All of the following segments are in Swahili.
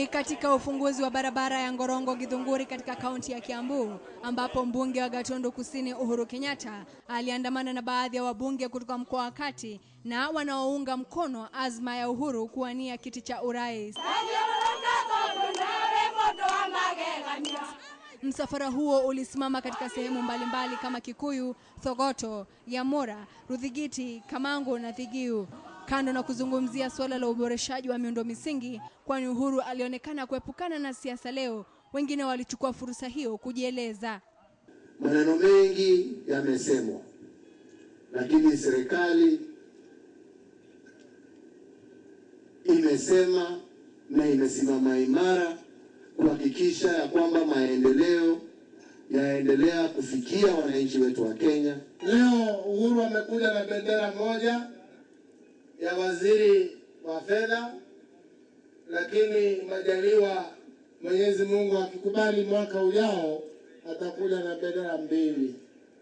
Ni katika ufunguzi wa barabara ya Ngorongo Githunguri katika kaunti ya Kiambu ambapo mbunge wa Gatundu Kusini Uhuru Kenyatta aliandamana na baadhi ya wabunge kutoka mkoa wa Kati na wanaounga mkono azma ya Uhuru kuwania kiti cha urais. Msafara huo ulisimama katika sehemu mbalimbali kama Kikuyu, Thogoto, Yamura, rudhigiti Kamango na Thigiu. Kando na kuzungumzia suala la uboreshaji wa miundo misingi, kwani Uhuru alionekana kuepukana na siasa leo, wengine walichukua fursa hiyo kujieleza. Maneno mengi yamesemwa, lakini serikali imesema na imesimama imara kuhakikisha ya kwamba maendeleo yaendelea kufikia wananchi wetu wa Kenya. Leo Uhuru amekuja na bendera moja ya waziri wa fedha, lakini Majaliwa, Mwenyezi Mungu akikubali, mwaka ujao atakuja na bendera mbili,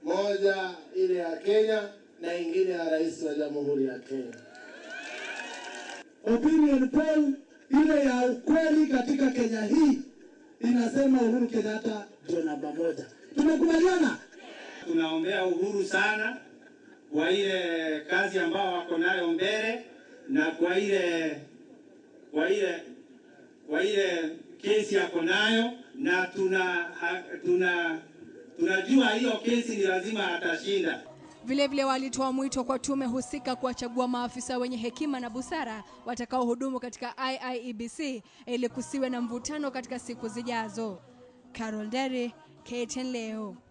moja ile ya Kenya na ingine ya rais wa jamhuri ya Kenya. Opinion poll ile ya ukweli katika Kenya hii inasema Uhuru Kenyatta ndio namba moja. Tumekubaliana, tunaombea Uhuru sana kwa ile kazi ambao wako nayo mbele na kwa ile kwa ile kwa ile kesi yako nayo na tuna ha, tuna tunajua hiyo kesi ni lazima atashinda. Vilevile walitoa mwito kwa tume husika kuwachagua maafisa wenye hekima na busara watakaohudumu katika IIEBC ili kusiwe na mvutano katika siku zijazo. Carol Deri, KTN leo.